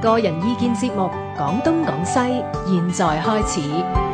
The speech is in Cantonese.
個人意見節目《講東講西》，現在開始。